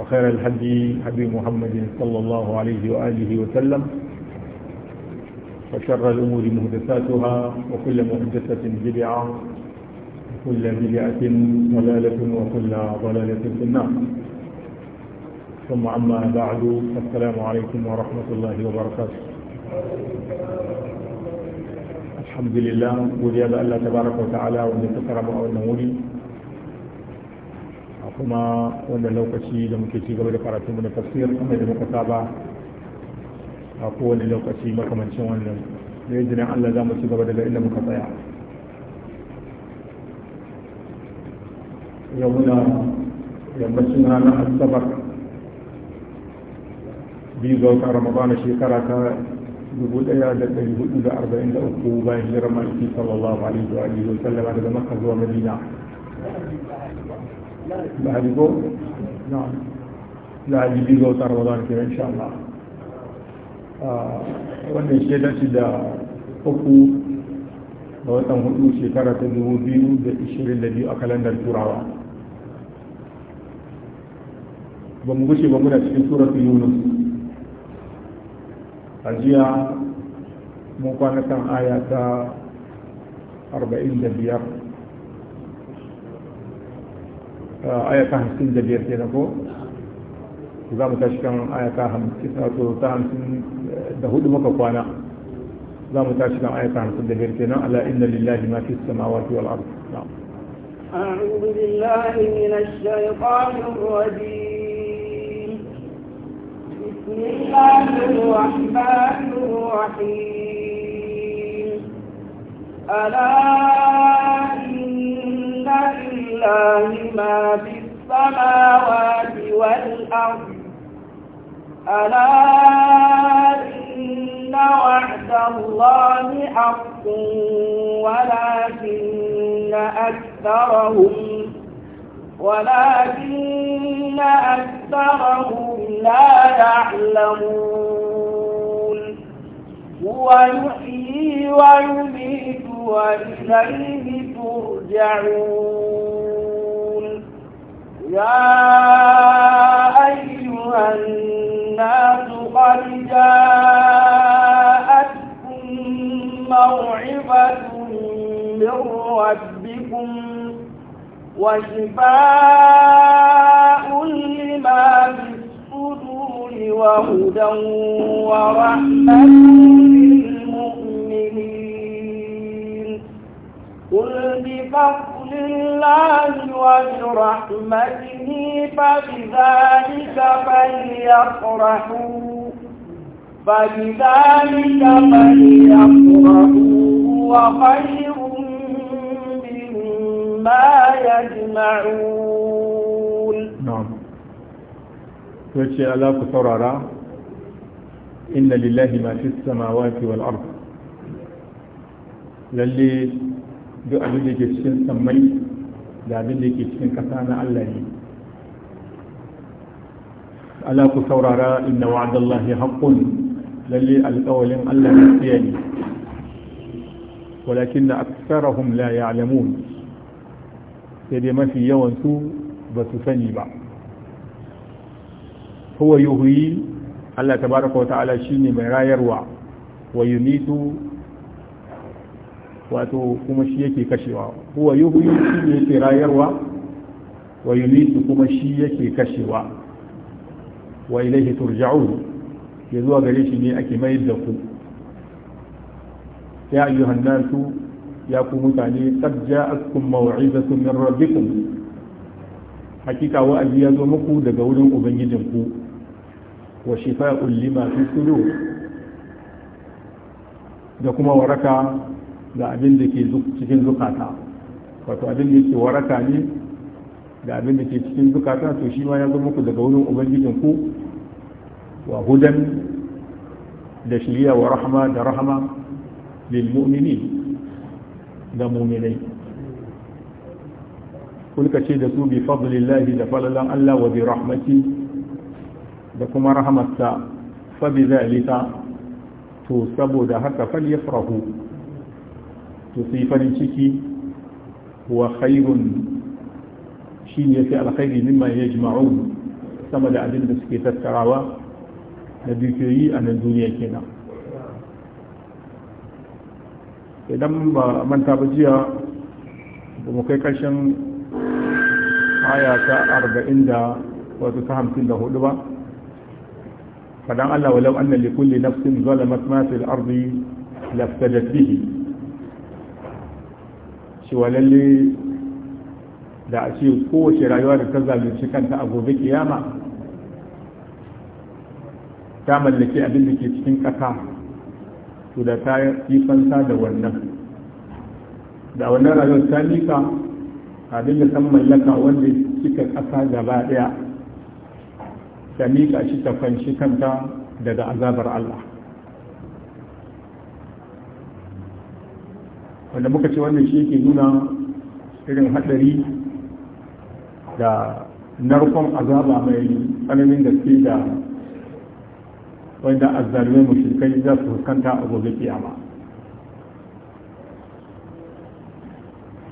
وخير الهدي هدي محمد صلى الله عليه وآله وسلم وشر الأمور مهدساتها وكل مهدسة بدعة وكل بدعة ضلالة وكل ضلالة في النار ثم أما بعد السلام عليكم ورحمة الله وبركاته الحمد لله وليد الله تبارك وتعالى ومن تكرم أول نوري kuma wannan lokaci da muke ci gaba da karatu mu na tafsir kuma da muka saba a kowane lokaci makamancin wannan da yanzu nan Allah za mu ci gaba daga inda muka tsaya yau muna yammacin ranar asabar biyu ga wata ramadana shekara ta 1443 bayan hijirar maliki sallallahu alaihi wa sallama daga makka zuwa madina lahadi biyu ga watan ramadan ke insha Allah ah, wannan shi da shi da uku ga watan hudu shekara ta dubu biyu da ishirin da biyu a kalandar turawa ba mu gushe ba muna cikin tura suratu yunus a jiya mun kwana aya ta arba'in da biyar آية آياتها مسكين دبير كي نكو إذا متاشكان آياتها مسكين دبير كي نكو دهود مكوانا إذا متاشكان آياتها مسكين دبير كي نكو ألا إن لله ما في السماوات والأرض نعم أعوذ بالله من الشيطان الرجيم بسم الله الرحمن الرحيم ألا إن لله لله ما في السماوات والأرض ألا إن وعد الله حق ولكن أكثرهم ولكن أكثرهم لا يعلمون هو يحيي ويميت وإليه ترجعون يا أيها الناس قد جاءتكم موعظة من ربكم وشفاء لما في الصدور وهدى ورحمة قل بفضل الله وبرحمته فبذلك فليفرحوا فبذلك فليفرحوا وخير مما يجمعون نعم وشي ألاك سرارا إن لله ما في السماوات والأرض للي duk abin da ke cikin sammai da abin da ke cikin ƙasa na Allah ne ala ku saurara inna wa'adallahi haqqun lalle alƙawalin Allah gaskiya ne walakin na aksarahum la ya'lamun sai dai mafi yawan su ba su sani ba huwa yuhyi Allah tabaraka wa ta'ala shine mai rayarwa wa yumitu wato kuma shi yake kashewa huwa yuhyi shi ne yake rayarwa wa yumitu kuma shi yake kashewa wa ilaihi turja'un ya zuwa gare shi ne ake mayar da ku ya ayyuhan nasu ya ku mutane qad ja'akum maw'izatun min rabbikum hakika wa'azi ya zo muku daga wurin ubangijinku wa shifa'un lima fi sudur da kuma waraka Ga abin da ke cikin zukata wato abin da ke waraka ne ga abin da ke cikin zukata to shi ma ya zama ku daga wurin ubangijin ku wa hudan da shiriya wa rahama da rahama lil mu'mini da mu'minai kulka ce da su bi fadlillahi da falalan Allah wa bi rahmati da kuma rahamarsa fa bi zalika to saboda haka falyafrahu to yi farin ciki wa khairun shi ne fi alkhairi mimma ya sama da abin da suke tattarawa na dukiyoyi a nan duniya kenan idan ba manta ba jiya ba mu kai karshen aya ta arba'in da wato ta hamsin da hudu ba fadan allah walau annan likulli nafsin zalamat ma fil ardi laftadat bihi cewa lalle da a ce kowace rayuwa da ta zalunci kanta a gobe kiyama ta mallake abin da ke cikin ƙasa to da ta yi fansa da wannan da wannan rayuwar ta nika a dinga san mallaka wanda cika ƙasa gaba ɗaya ta nika shi ta fanshi kanta daga azabar Allah wanda muka ce wannan shi yake nuna irin hadari da narkon azaba mai tsananin ke da wanda azzalumai mushrikai za su fuskanta a gobe kiyama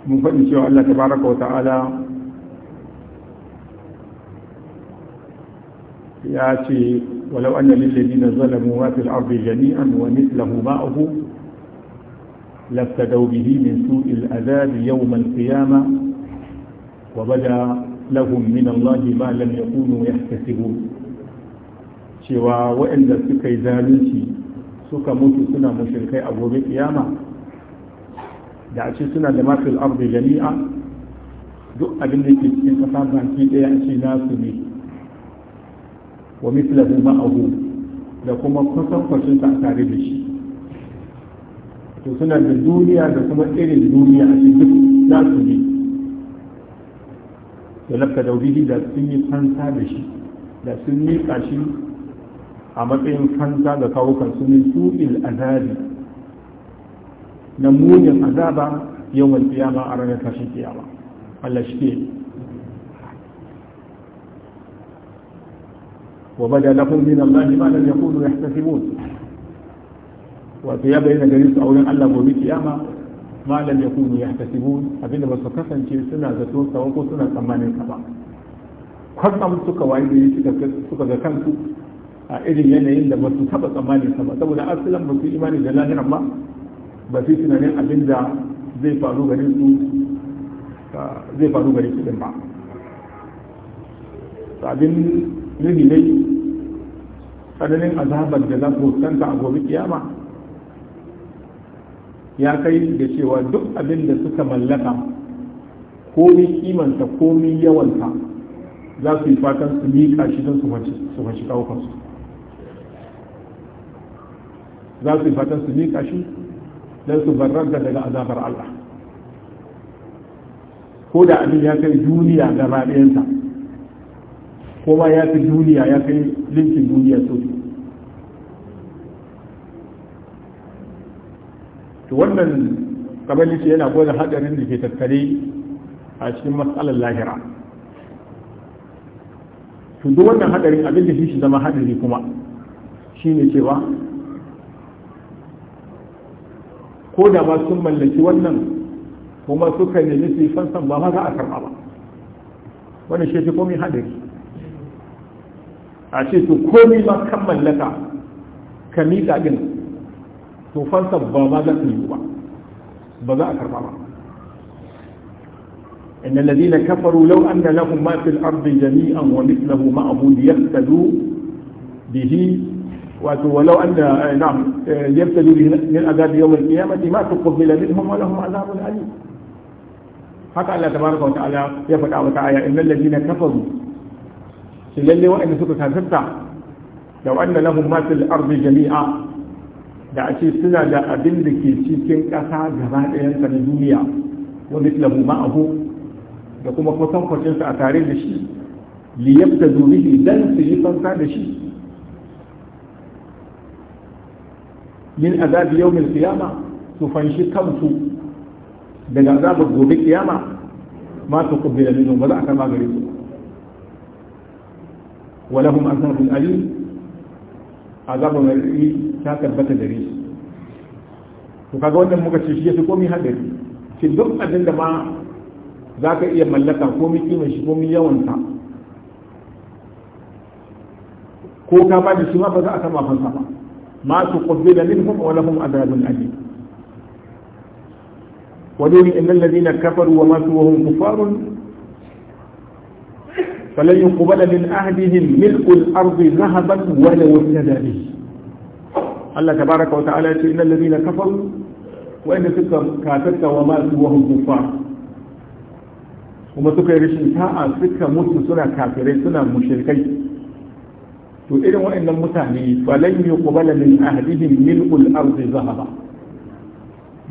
mun faɗi cewa Allah tabaraka wa ta'ala ya ce walau anna lil ladina zalamu wa fil ardi jami'an wa mithluhu ma'ahu لابتدوا به من سوء الأذاب يوم القيامة وبدأ لهم من الله ما لم يكونوا يحتسبون شوا وإن سكى ذلك سكى موت سنة مشركة أبو القيامة دعشي سنة لما في الأرض جميعا دو أبنك إن تصاب عن كيد يأشي ناس منه ومثله ما أبوه لكم قصر فشلت أتعرف الشيء to suna da duniya da kuma irin duniya a cikin za su bi da lafka daurihi da sun yi fansa da shi da sun miƙa shi a matsayin fansa ga kawukan su ne su'il azabi na munin azaba yawan kiyama a ranar tashin kiyama Allah shi ke وبدا لهم من الله ما لم يكونوا يحتسبون wato ya bayyana gare su a wurin Allah gobe kiyama ma lam yakunu yahtasibun abinda ba su kasance suna zato sawa ko suna tsammanin ka ba kwatsam suka waye da suka ga kansu a irin yanayin da ba su taba tsammanin ka ba saboda asalin ba su imani da lahiran ba ba su tunanin abin da zai faru gare su zai faru gare su din ba abin nuhi ne tsananin azabar da za ku santa a gobe kiyama ya kai da cewa duk abin da suka mallaka komi kimanta komi yawanta za su yi fatan su miƙa shi don su fashi kawukansu za su yi fatan su miƙa shi don su barranta daga azabar Allah ko da abin ya kai duniya ga ɗayanta ko ma ya fi duniya ya kai linkin duniya sosai to wannan kamar ce yana gwada hadarin da ke tattare a cikin matsalar lahira to duk wannan hadarin abin da shi shi zama hadari kuma shine cewa ko da ba sun mallaki wannan kuma suka nemi su yi fansan ba ma za a karɓa ba wannan shi komai hadari a ce to komai ma kan mallaka ka miƙa ɗin to fansa ba ma za ta yi ba ba za a karba ba إن الذين كفروا لو أن لهم ما في الأرض جميعا ومثله معه ليفتدوا به ولو أن آه، نعم آه، يفتدوا به من عذاب يوم القيامة ما تقبل منهم ولهم عذاب أليم حتى الله تبارك وتعالى يفتح وتعالى إن الذين كفروا سلل وإن سكت هزبت لو أن لهم ما في الأرض جميعا da a ce suna da abin da ke cikin ƙasa gaba ɗayansa na duniya wa mislamu ma'ahu da kuma kusan kwacinsa a tare da shi liyabta zurihi dan su yi fansa da shi min azabi yawmin qiyama su fanshi kansu daga azabar gobe kiyama ma su kubbila minhum ba za a kama gare su ولهم عذاب أليم azabar mai ta tabbata gare shi to kaga wannan muka ce shi ya fi komai hadari shi duk abin da ma za ka iya mallaka komai kimar shi komai yawansa ko ka ba da shi ma ba za a sama fansa ba ma su kubbe da min kuma wala kuma azabun wani wani innal ladina kafaru wa masu wa hum kufarun falan yuqbala min ahdihim milkul ardi zahaban wala wasada bihi Allah tabaraka wa ta'ala ya ce innal ladina kafaru wa inna suka kafarta wa ma su wahum kuma suka yi rashin ta'a suka mutu suna kafirai suna to irin waannan mutane falan yuqbala min ahdihim ul ardi zahaba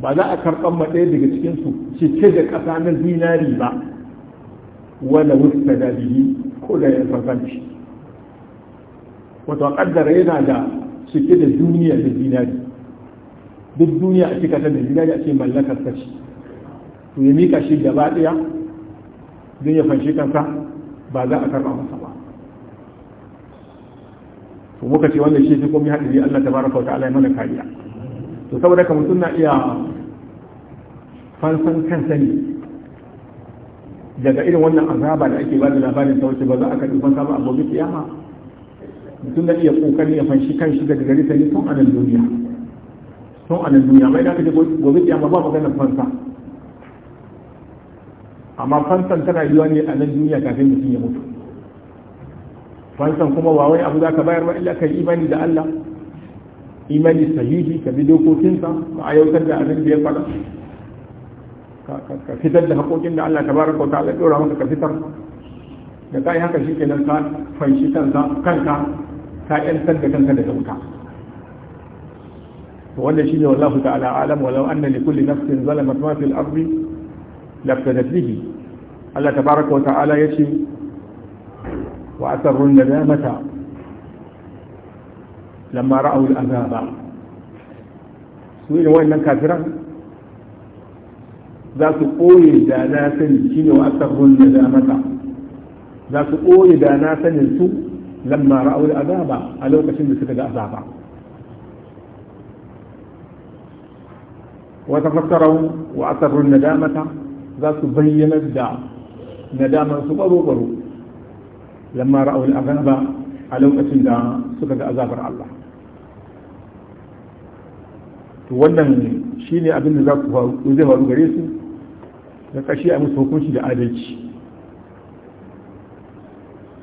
ba za a karɓar ma ɗaya daga cikinsu cike da ƙasa na zinari ba wala wusta da bihi ko da ya farfanci wato kaddara yana da cike da duniya da zinari duk duniya a cika da zinari a ce mallakar ta ce to ya mika shi gaba daya don ya fanshi kansa ba za a karba masa ba to muka ce wannan shi komai hadiri Allah tabaraka wa ta'ala ya mana kariya to saboda kamar suna iya fansan kansa ne daga irin wannan azaba da ake bada labarin ta wace ba za a karɓi fansa ba a gobe kiyama mutum da iya kokarin ya fanshi kan shi daga gari sani tun anan duniya tun anan duniya mai da aka ce gobe kiyama ba maganar fansa amma fansan tana yiwa ne a nan duniya kafin mutum ya mutu fansan kuma ba wai abu za ka bayar ba illa ka yi imani da Allah imani sahihi ka bi dokokinsa ba a yau da abin da ya faɗa ka fitar da haƙoƙin da Allah ta baraka wa ta'ala ɗora maka ka fitar da ka yi haka shi ke nan ka fanshi kanka kanka ka ƴantar da kanka da daga wuta wannan shine wallahu ta'ala alam walau anna li kulli nafsin zalamat ma fil ardi laftadat bihi Allah tabaraka wa ta'ala yace wa asarru nadamata lamma ra'aw al azaba su irin wannan kafiran za su koye da na sani ne wa asarrun nadamata za su koye da na sanin su lamma ra'aul azaba a lokacin da suka ga azaba wa tafakkaru wa asarrun nadamata za su bayyana da nadamar su baro baro lamma ra'aul azaba a lokacin da suka ga azabar Allah Wannan shi ne abin da za ku zai faru gare su da kashi a musu hukunci da adalci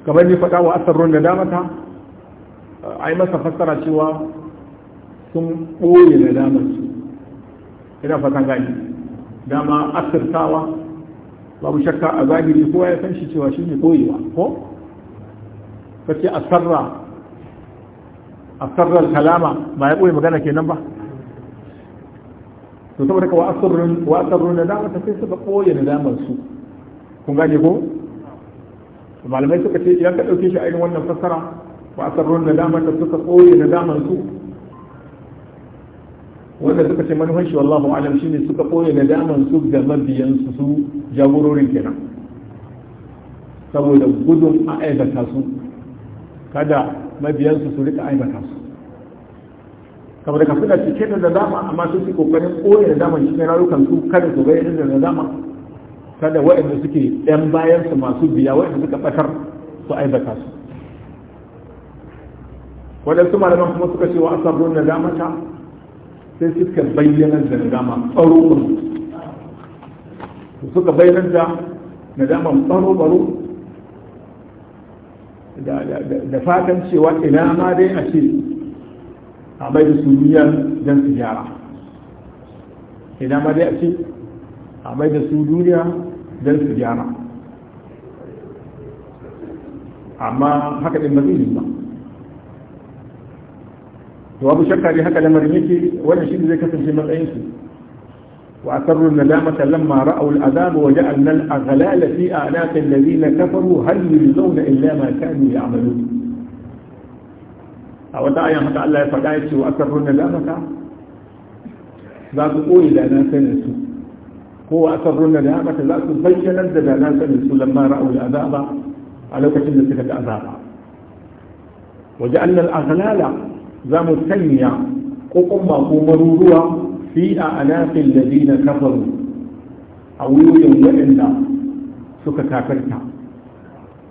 kamar ne faɗa wa asarrun da damata a yi masa fassara cewa sun ɓoye na damar su ina fatan gani dama asirtawa babu shakka a zahiri kowa ya san shi cewa shi ne ɓoyewa ko kake asarra asarrar kalama ba ya ɓoye magana kenan ba to saboda ka wa wa'asarrun da dama sai suka koya nadamar su kun gane ko malamai suka ce idan ka dauke shi a irin wannan fassara wa'asarrun da dama ta suka koya nadamar su wanda suka ce manufan shi wallahu alam shine suka koya nadamar su ga mabiyan su su jagororin kenan saboda gudun aibata su kada mabiyan su su rika aibata su kamar ka suna cike da nadama amma sun fi kokarin koya nadama cikin rayukan su kada su bayyana da nadama kada waɗanda suke ɗan bayan su masu biya waɗanda suka ɓatar su aibata su waɗansu malaman kuma suka ce wa dama nadamata sai suka bayyana da nadama tsaro suka bayyana da nadaman tsaro tsaro da fatan cewa ina ma dai a ce عبيد السوديان دان سجارة إذا ما دأتي عبيد السوديان دان سجارة أما حكا المدينة ما وابو شكا دي حكا لمرميكي ولا شيء زي كتن في مدينتي وأسروا الندامة لما رأوا العذاب وجعلنا الأغلال في أعناق الذين كفروا هل يجزون إلا ما كانوا يعملون a wata ayan haka Allah ya faɗa ya ce wa asarrun da lamaka za su koyi da na sanin su ko wa asarrun da lamaka za su bayyana da da na sanin su lamma ra'ul azaba a lokacin da suka ga azaba waje annal aghlala za mu sanya kokon mako maruruwa fi a anafin ladina kafaru a wuyoyin waɗanda suka kafirta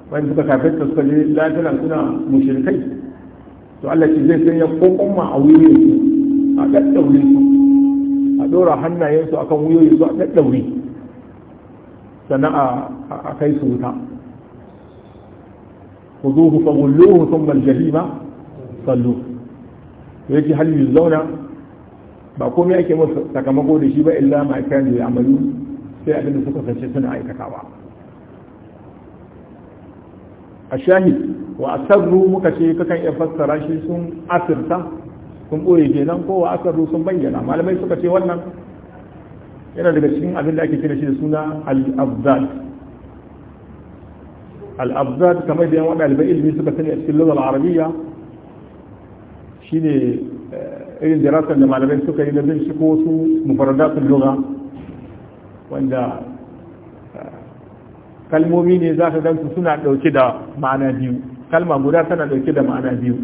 wanda suka kafirta suka je lafiya suna mushrikai to Allah shi zai sanya kokon a wuyoyin su a daddaure su a ɗora hannayen su akan wuyoyin su a daddaure sannan a kai su wuta zo ku خذوه فغلوه ثم الجحيم صلوه hali hal zauna ba komai ake musu sakamako da shi ba illa ma kan da amalu sai abin da suka sace suna aikatawa a shahid wa asarru muka ce kakan iya fassara shi sun asirta sun ɓoye kenan ko wa asarru sun bayyana malamai suka ce wannan yana daga cikin abin da ake kira shi da suna al-abdad al-abdad kamar da yawan ɗalibai ilimi suka sani a cikin al'arabiya arabiya ne eh, irin jirasar da malamai suka yi na bin shi ko su mufaradatul lura wanda kalmomi ne za ka gansu suna ɗauke da ma'ana biyu kalma guda tana ɗauke da ma'ana biyu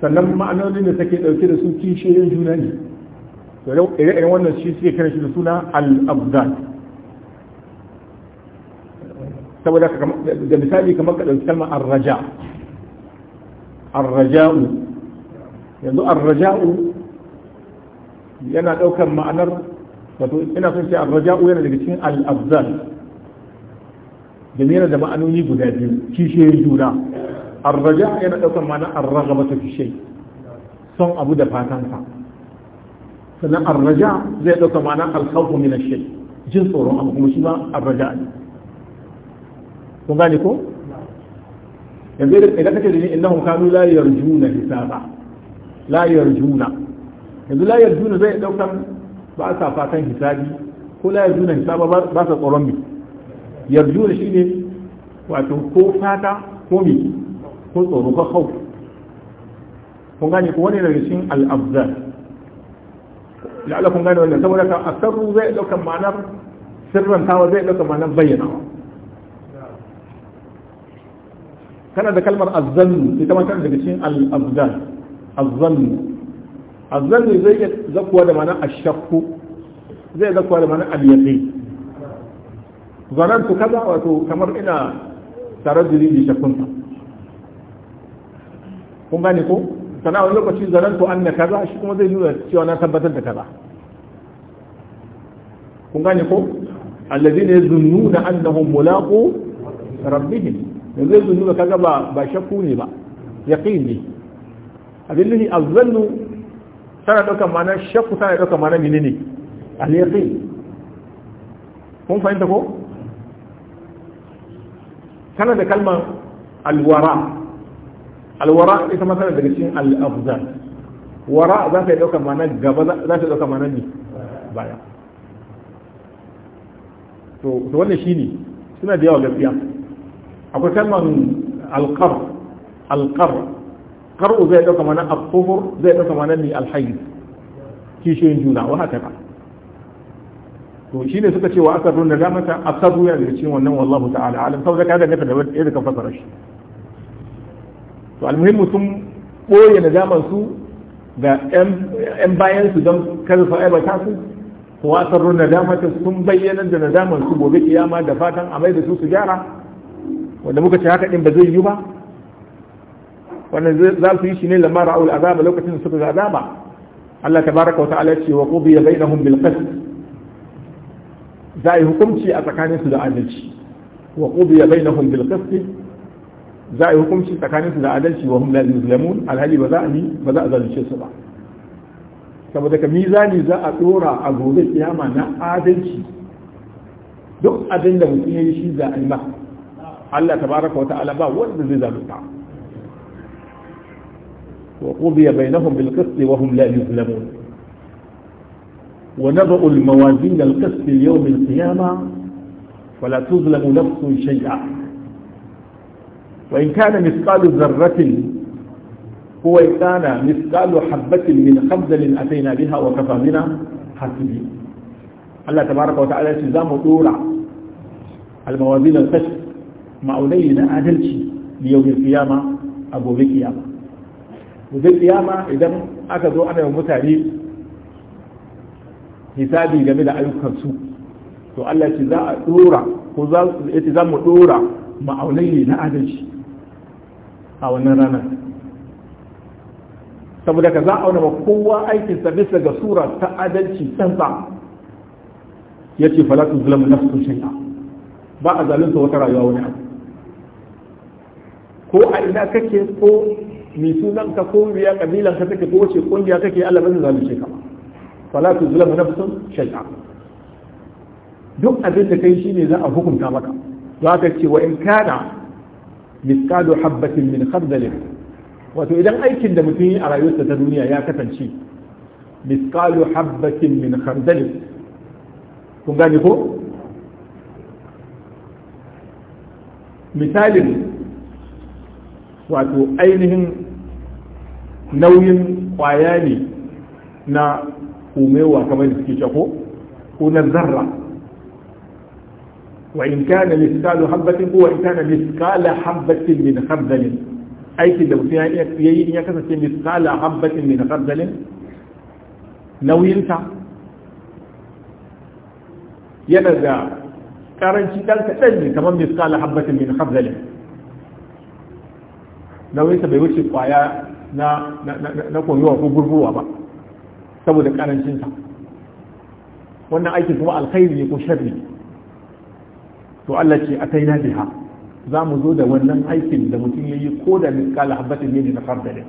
sannan ma'anonin da take ɗauke da su kishiyoyin juna ne ire-iren wannan shi suke kiran shi da suna al-abdan saboda da misali kamar ka ɗauki kalmar arraja arraja'u yanzu arraja'u yana ɗaukar ma'anar wato ina son ce arraja'u yana daga cikin al'abzal jami'ar da ma'anoni guda biyu kishe juna arraja yana ɗaukar mana arraga mata kishiyar son abu da fatansa sannan arraja zai ɗaukar mana alkawo mina shi jin tsoron abu kuma shi ma arraja ne kun gane ko yanzu idan kake da ni innahum kanu la yarjuna hisaba layar juna yanzu layar juna zai ɗaukar ba sa fatan hisabi ko la yarjuna hisaba ba sa tsoron mi yarjuna shine wato ko fata ko mi ko tsoro ko hau. kun gane ko wani daga cikin al-afdal la'alla kun gane wannan saboda ka asarru zai dauka ma'anar sirran zai dauka ma'anar bayyanawa kana da kalmar azzannu ita ma tana daga cikin al-afdal azzannu azzanni zai iya zakuwa da mana ashakku zai zakuwa da mana al-yaqin zanantu kaza wato kamar ina taraddudi bi shakkunta kun gane ko sana wani lokaci zanantu anna kaza shi kuma zai nuna cewa na tabbatar da kaza kun gane ko da yazunnuna annahum mulaqu rabbihim yanzu yazunnuna kaza ba ba shakku ne ba yaqin ne abin nuhi azzannu tana ɗaukar mana shakku tana ɗaukar mana mini ne aliyaƙi kun fahimta ko? tana da kalmar alwara alwara ita matsala tana daga cikin al'afzan wara za ta yi ɗaukar mana gaba za ta yi ɗaukar mana ne baya to wanda shi ne suna da yawa gaskiya akwai kalmar alƙar alƙar kar'u zai ɗauka mana al zai ɗauka mana ni al-hayy kishiyoyin juna wa haka ka to shi ne suka ce wa aka runda damata asabu yana daga cikin wannan wallahu ta'ala alam da ka danganta da yadda ka fasara shi to almuhimmu sun boye nadaman su ga yan bayan su don kada su aibata su ko wa asarru nadamata sun bayyana da nadaman su gobe kiyama da fatan a mai da su su gyara wanda muka ce haka din ba zai yi ba wannan za su yi shi ne lamar ra'ul azaba lokacin da suka ga azaba Allah tabaraka wa ta'ala ce wa qudiya bainahum bil qist za yi hukunci a tsakanin su da adalci wa qudiya bainahum bil qist za yi hukunci tsakanin su da adalci wa hum la yuzlamun alhali ba za a yi ba za a zalunce su ba saboda ka mizani za a tsora a gobe kiyama na adalci duk abin da mutum ya yi shi za a yi masa Allah tabaraka wa ta'ala ba wanda zai zalunta وقضي بينهم بالقسط وهم لا يظلمون ونبأ الموازين القسط ليوم القيامة فلا تظلم نفس شيئا وإن كان مثقال ذرة هو إن كان مثقال حبة من خبزل أتينا بها وكفى بنا حسبين الله تبارك وتعالى التزام دورا الموازين القسط أولينا عدلتي ليوم القيامة أبو بكيامة zai kiyama idan aka zo ana yi mutane hisabi game da ayyukansu to Allah ce za a dora ko za mu dora ma'aunai na adalci a wannan ranar saboda ka za a auna kowa aikinsa bisa ga sura ta adalci tsantsa ya ce falatu zulamu nafsun shay'a ba a zalunta wata rayuwa wani abu ko a ina kake ko mai sunan ka ko biya kabilan ka take ko wace kungiya kake Allah ba zai zalunce ka fala tu zulama nafsun shay'a duk abin da kai shine za a hukunta maka za ka ce wa in kana miskadu habbatin min khardalin wato idan aikin da mutum yi a rayuwarsa ta duniya ya kasance miskalu habbatin min khardalin kun gane ko misalin wato ainihin nauyin kwaya ne na humewa kamar da suke cako ko na zarra wa in kana miskalu habbatin ko wa in kana miskala habbatin min khardalin aiki da mutum ya yi ya kasance miskala habbatin min khardalin nauyinta yana da karanci ɗan kaɗan ne kamar miskala habbatin min khardalin nauyinta bai wuce kwaya na na koyuwa ko gurgurwa ba saboda karancinsa wannan aikin kuma alkhairi ne ko sharri to Allah ce akai na biha za mu zo da wannan aikin da mutum ya yi ko da miskala habbatin yadda na farda ne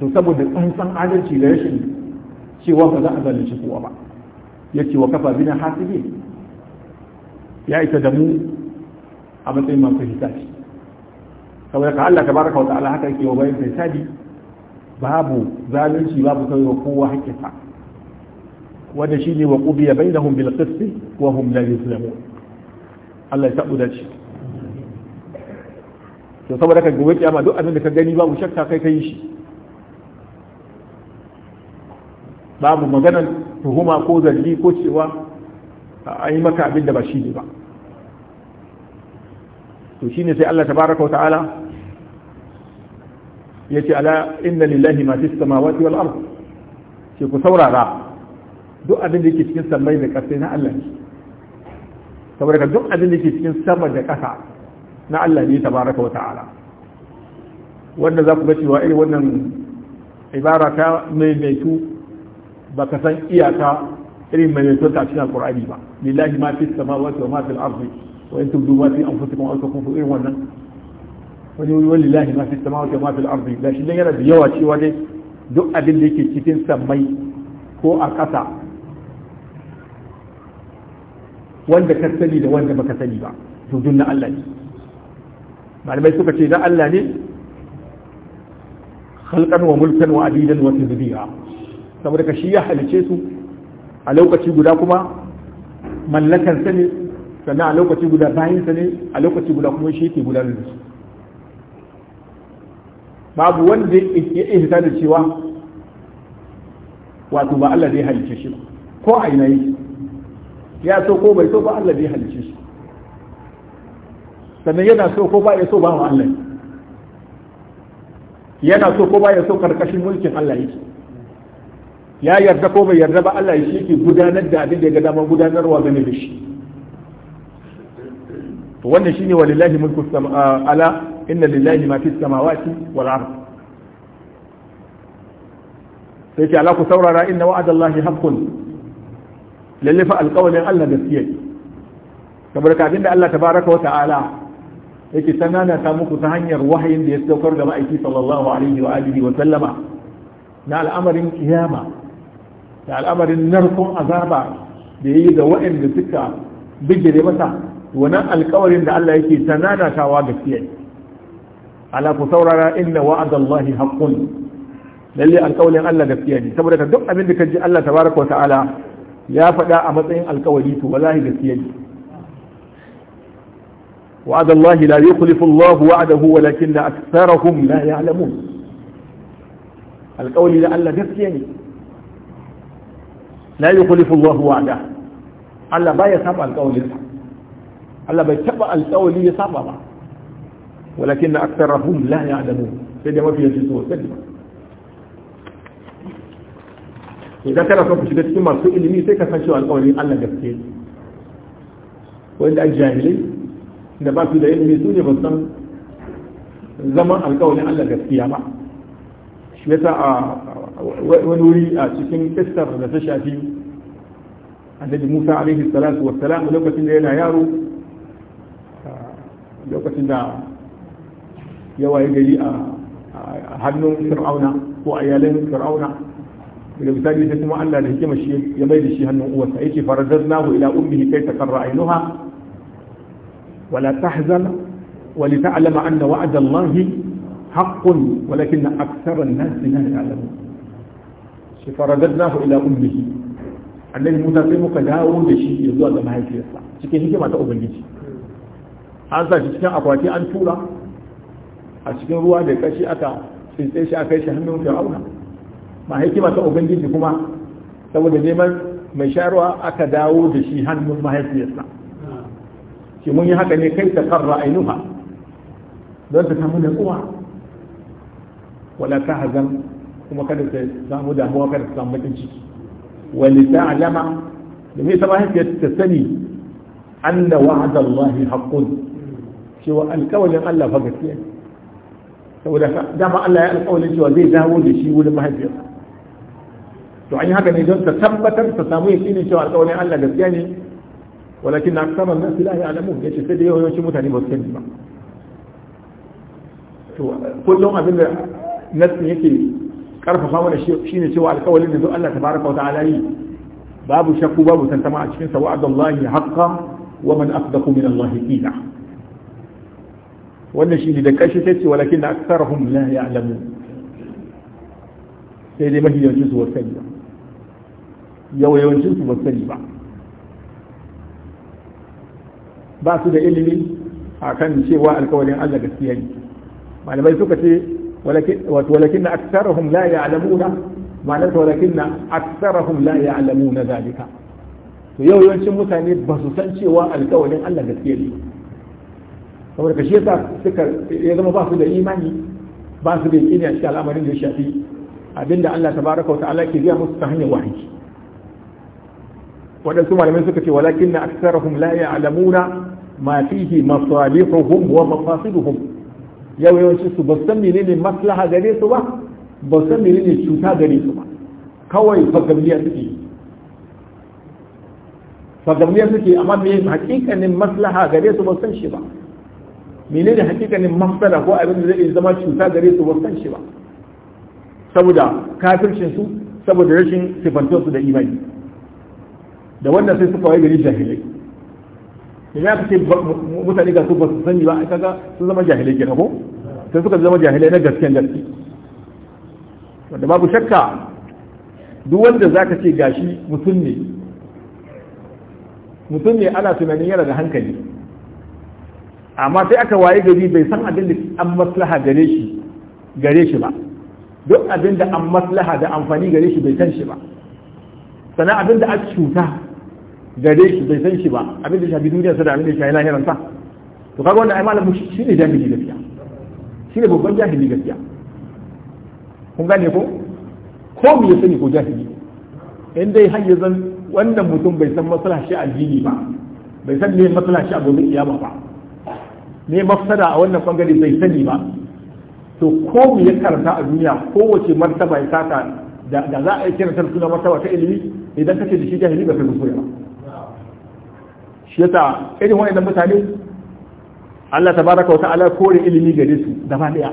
to saboda tsantsan adalci da rashin cewa ba za a zalunci kowa ba ya ce wa kafa bina hasibi ya isa da mu a matsayin masu hisabi saboda ka Allah tabaraka wa ta'ala haka yake wa bayan hisabi babu zalunci babu kai wa kowa hakkinsa wanda shine wa qubiya bainahum bil qist wa hum la yuzlamun Allah ya tabu da shi to saboda ka gobe kiyama duk abin da ka gani babu shakka kai kai shi babu maganar tuhuma ko zargi ko cewa a yi maka abin da ba shi ne ba to shine sai Allah tabaraka wa ta'ala Ya yace ala inna lillahi ma fis samawati wal ard ce ku saurara duk abin da yake cikin samai da ƙasa na Allah ne saboda ka duk abin da yake cikin sama da ƙasa na Allah ne tabaraka wa ta'ala wanda za ku ga cewa irin wannan ibara ta maimaitu ba ka san iyaka irin maimaitu ta cikin alqur'ani ba lillahi ma fis samawati wa ma fil ardi wa in tubdu ma fi anfusikum aw tukfu irin wannan wani walillahi ma fi samawati ma fil ardi da shi dan yana da yawa cewa dai duk abin da yake cikin sammai ko a ƙasa wanda ka sani da wanda baka sani ba to dun na Allah ne malamai suka ce da Allah ne khalqan wa mulkan wa abidan wa tadbira saboda ka shi ya halice su a lokaci guda kuma mallakan sa ne sannan a lokaci guda bayan sa ne a lokaci guda kuma shi yake gudanar da su babu wanda ya ihta da cewa wato ba Allah zai halice shi ko a ina yi ya so ko bai so ba Allah zai halice shi sannan yana so ko ba ya so ba wa Allah yana so ko ba ya so karkashin mulkin Allah yake ya yarda ko bai yarda ba Allah shi yake gudanar da abin da ya ga dama gudanarwa game da shi to wannan shine walillahi mulku sama ala inna lillahi ma fi samawati wal ard sai ce ala ku saurara inna wa'adallahi haqqun lalle fa alqawlin Allah gaskiya saboda kafin da Allah tabaraka wa ta'ala yake sanana ta muku ta hanyar wahayin da ya saukar da ma'aiki sallallahu alaihi wa alihi wa sallama na al'amarin kiyama da al'amarin narkon azaba da yayi ga waɗanda suka bigire masa wannan alƙawarin da Allah yake sanana tawa gaskiya ala ku saurara inna wa'adallahi haqqun lalle alƙawalin Allah gaskiya ne saboda duk abin da kaji Allah tabaraka wa ta'ala ya faɗa a matsayin alƙawari to wallahi gaskiya ne wa'adallahi la yukhlifu Allah wa'adahu walakinna aktharahum la ya'lamun alƙawali da Allah gaskiya ne la yukhlifu Allah wa'ada Allah baya saba alƙawalinsa Allah bai taba alƙawali ya saba ba ولكن أكثرهم لا يعلمون سيدي ما فيها جزء سيدي إذا كان فوق شدت كما في إلمي سيكا فنشو الأولي ألا جبتين وإن الجاهلي إذا ما في دائم يسوني بصن زمن القول ألا جبتين أما شمتا ونوري شكين تستر لتشع فيه النبي موسى عليه الصلاة والسلام لو كتن لنا يارو آه، لو كتن لنا يواي جلي آه، آه، هنوم فرعون وأيالين فرعون إذا بسالي سيكم أن الله لهجم الشيء يميل الشيء هنوم هو سعيش فرددناه إلى أمه كي تقر عينها ولا تحزن ولتعلم أن وعد الله حق ولكن أكثر الناس لا يعلمون فرددناه إلى أمه أنني متقيمك داود الشيء يزوى الله ما هي في الإسلام شكي هكي ما تأبن جيش هذا شكي أقواتي أن a cikin ruwa da kashi aka tsintse shi aka yi shi hannun fir'auna ma hikima ta ubangiji kuma saboda neman mai sharuwa aka dawo da shi hannun mahaifiyarsa shi mun yi haka ne kai ta karra ainuha don ta samu natsuwa wala ta hazan kuma kada ta samu damuwa kada ta samu bakin ciki wani ta alama da mai ta mahaifiyar ta sani an da wa'adallahi haƙƙun cewa alƙawarin Allah fa gaskiya ne saboda dama Allah ya alƙawarin cewa zai dawo da shi wurin mahaifiyarsa to an yi haka ne don ta tabbatar ta samu yakinin cewa alƙawarin Allah gaskiya ne walakin aksaran nasu la ya'lamu yace sai da yawancin mutane ba su sani ba to kullum abin da nasu yake karfafa mana shine cewa alƙawarin da zo Allah tabaraka wa ta'ala yi babu shakku babu tantama a cikin sa wa'adallahi haqqan wa man asdaqu min Allah qila wannan shi ne da kashi ta ce walakin na aksarahum la ya'lamu sai dai mafi yawancin su wasani ba yawa yawancin su wasani ba ba su da ilimi kan cewa alkawarin Allah gaskiya ne malamai suka ce walakin na aksarahum la ya'lamuna ma'anar walakin na aksarahum la ya'lamuna zalika to yau yawancin mutane ba su san cewa alkawarin Allah gaskiya ne saboda kashi yasa suka ya zama ba su da imani ba su da yakini a cikin al'amarin da ya shafi abinda Allah tabaraka wa ta'ala ke biya musu ta hanyar wahayi waɗansu malamai suka ce walakin na aksarahum la ya'lamuna ma fihi masalihuhum wa mafasiduhum yau yawanci su ba san menene maslaha gare su ba ba san menene cuta gare su ba kawai fagamliya suke fagamliya suke amma me hakikanin maslaha gare su ba san shi ba menene hakikanin masana ko abin da zai zama cuta gare su wasu kan shi ba saboda kafircin su saboda rashin sifantar su da imani da wannan sai suka waye gari jahilai da ya ce mutane ga su ba su sani ba kaga sun zama jahilai kenan ko sai suka zama jahilai na gaskiyan gaske wanda babu shakka duk wanda za ka ce gashi mutum ne mutum ne ana tunanin yana da hankali amma sai aka waye gari bai san abin da an maslaha gare shi gare shi ba duk abin da an maslaha da amfani gare shi bai san shi ba sannan abin da aka cuta gare shi bai san shi ba abin da shafi sai da abin da shafi sa to kaga wannan ai malamu shi ne jahili gaskiya shi ne babban jahili gaskiya kun gane ko ko mu ya sani ko jahili in dai har yanzu zan wannan mutum bai san maslaha shi addini ba bai san me maslaha shi a gobe iyama ba ne mafsada a wannan bangare bai sani ba to ko mu ya karanta a duniya kowace martaba ya saka da za a yi kiranta suna martaba ta ilimi idan kace da shi jahili ba ka kuskure ba shi yasa irin wannan mutane Allah tabaraka wa ta'ala kore ilimi gare su ba daya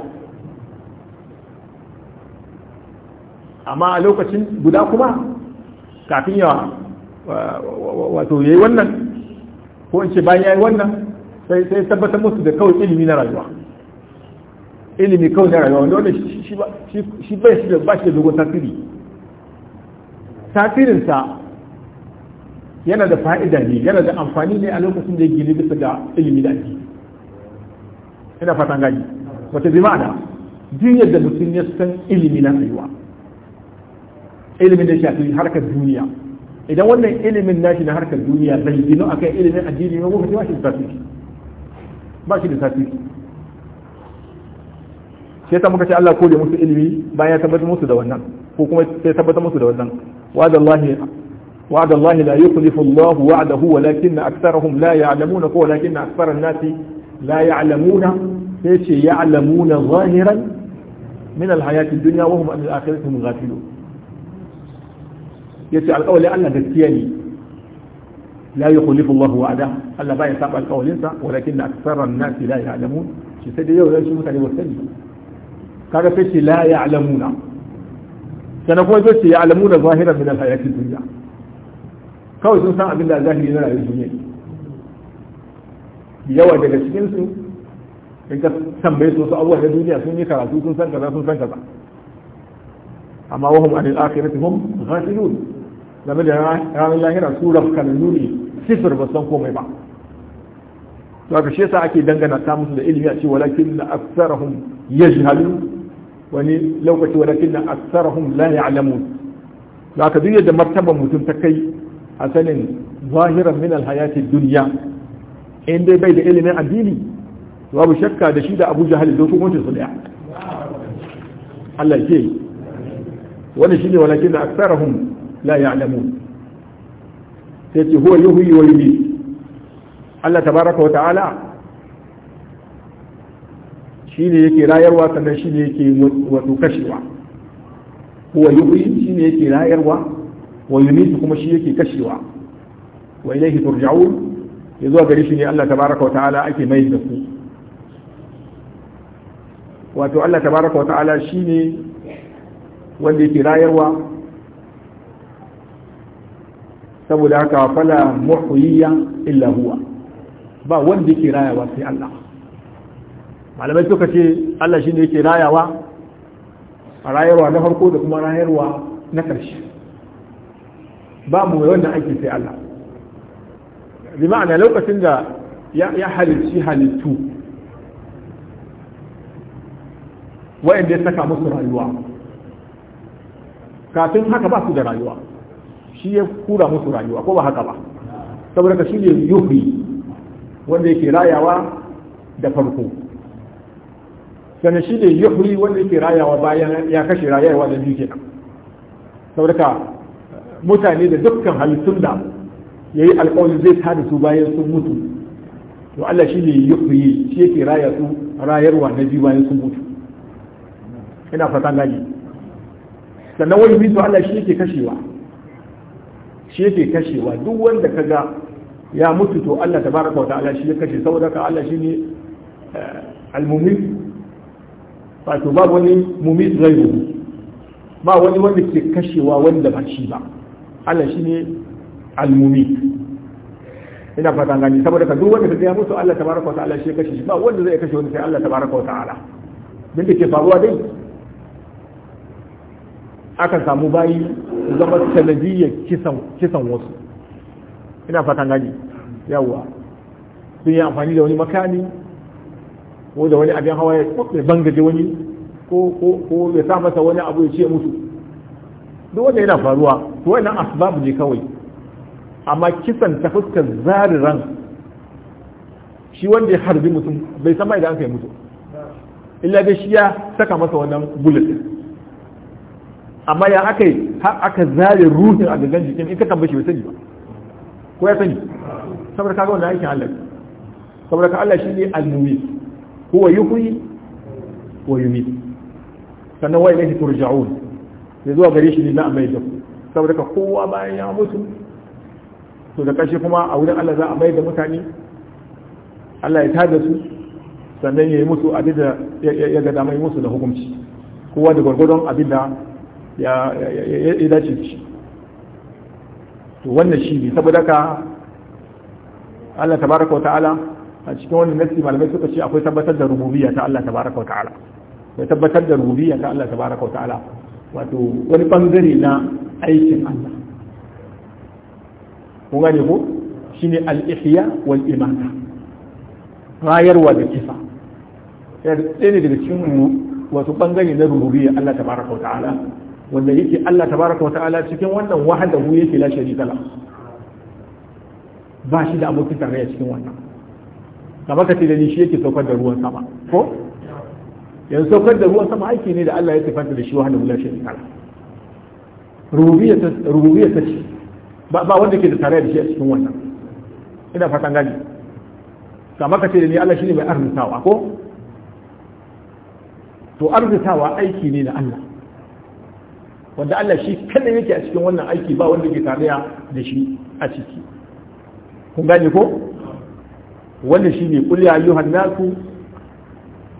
amma a lokacin guda kuma kafin yawa wato yayi wannan ko in ce bayan yayi wannan sai sai tabbatar musu da kawai ilimi na rayuwa ilimi kawai na rayuwa wanda wanda shi bai shi da ba shi da dogon tasiri tasirinsa yana da fa'ida ne yana da amfani ne a lokacin da ya gini bisa ga ilimi da ake ina fatan gani wata bi ma'ana duniyar da mutum ya san ilimi na rayuwa ilimin da shafi harkar duniya idan wannan ilimin nashi na harkar duniya bai gino akan ilimin addini ba ko kuma shi ba shi ba shi da tasiri sai ta muka ce Allah kore musu ilimi bayan ya tabbatar musu da wannan ko kuma sai tabbatar musu da wannan wa'ada Allah وعد الله لا يخلف الله وعده ولكن أكثرهم لا يعلمون ولكن أكثر الناس لا يعلمون ايش يعلمون ظاهرا من الحياة الدنيا وهم عن الآخرة هم غافلون yace alƙawali Allah gaskiya ne لا يخلف الله وعده الا با يسبق القول انت ولكن اكثر الناس لا يعلمون شي سيدي يو ليش متني وسني كذا فيش لا يعلمون سنقول فيش يعلمون ظاهرا من الحياة الدنيا كاو سن سان ابين ظاهري نرى الدنيا يوا دغ سكين سو ان كان سمبي سو سو الله الدنيا سن يكرا سو سن سان كذا سن سان كذا اما وهم عن الاخره هم غافلون لما جاء الى الاخره سوره كنوري sifir ba san komai ba to aka shi yasa ake dangana ta musu da ilimi a ce walakin na aksarahum yajhalu wani lokaci walakin na aksarahum la ya'lamun to ka duk yadda martaban mutum ta kai a sanin zahiran min alhayati dunya in dai bai da ilimin addini babu shakka da shi da Abu Jahal da hukuncin su daya Allah ke wani shine walakin aksarahum la ya'lamun sai ce huwa yuhyi wa yumiit Allah tabaraka wa ta'ala shine yake rayarwa sannan shine yake wato kashewa huwa yuhyi shine yake rayarwa wa yumiit kuma shi yake kashewa wa ilayhi turja'un zuwa gari shi ne Allah tabaraka wa ta'ala ake mai da ku wato Allah tabaraka wa ta'ala shine wanda yake rayarwa saboda haka fala muhyiyan illa huwa ba wanda yake rayawa sai Allah malamai suka ce Allah shine yake rayawa a rayarwa na farko da kuma rayarwa na ƙarshe ba mu wanda ake sai Allah bi ma'ana lokacin da ya halittu halittu wa'anda ya saka musu rayuwa kafin haka ba su da rayuwa shi ya kura musu rayuwa ko ba haka ba saboda ka shi ne yuhi wanda yake rayawa da farko sana shi ne yuhi wanda yake rayawa bayan ya kashe rayuwa da biyu kenan saboda ka mutane da dukkan halittun da ya yi alƙawarin zai da su bayan sun mutu to Allah shi ne yuhi shi yake raya su rayarwa na biyu bayan sun mutu ina fatan gani sannan wani bisu Allah shi yake kashewa shi yake kashewa duk wanda ka ga ya mutu to Allah tabaraka wa ta'ala shi ya kashe saboda ka Allah shi ne eh, almumin wato ba wani mumin gairu ba wani wanda ke kashewa wanda ba shi ba Allah shi ne almumin ina fata gani saboda ka duk wanda ka ga ya mutu Allah tabaraka wa ta'ala shi ya kashe shi ba wanda zai kashe wani sai Allah tabaraka wa ta'ala duk ke faruwa dai aka samu bayi zama sanadiyyar kisan wasu ina fatan gani yawa sun yi amfani da wani makani ko da wani abin hawa ya bangaje wani ko ya sa masa wani abu ya ce musu duk wanda yana faruwa to wannan asbabu ne kawai amma kisan ta fuskar zariran shi wanda ya harbi mutum bai san mai da aka kai mutu illa dai shi ya saka masa wannan bullet amma ya aka yi har aka zare ruhin a gangan jikin in ka tambashi bai sani ba ko ya sani saboda kaga wannan aikin Allah saboda ka Allah shi ne al-muwi huwa yuhyi wa yumit sannan wai ilayhi turja'un ya zuwa gare shi ne za a mai da ku saboda ka kowa bayan ya mutu to da kashi kuma a wurin Allah za a mai da mutane Allah ya tada su sannan ya yi musu abin da ya ga damar musu da hukunci kowa da gwargwadon abin da ya dace da shi to wannan shi ne saboda ka Allah tabaraka wa ta'ala a cikin wannan nasi malamai suka ce akwai tabbatar da rububiyya ta Allah tabaraka wa ta'ala akwai tabbatar da rububiyya ta Allah tabaraka wa ta'ala wato wani bangare na aikin Allah kun gane ko shine al-ihya wal imata rayarwa da kifa sai ne daga cikin wasu bangare na rububiyya Allah tabaraka wa ta'ala wanda yake Allah tabaraka wa ta'ala cikin wannan wahdahu yake la sharika la ba shi da abokin tarayya cikin wannan kamar ka ce da ni shi yake saukar da ruwan sama ko yanzu saukar da ruwan sama aiki ne da Allah ya tafanta da shi wahdahu la sharika la rububiyya ta ce ba wanda ke da tarayya da shi a cikin wannan ina fatan gani kamar ka ce da ni Allah shi ne mai arzikawa ko to arzikawa aiki ne na Allah wanda Allah shi kadai yake a cikin wannan aiki ba wanda ke tarayya da shi a ciki kun gane ko wanda shi ne qul ya ayyuhan nasu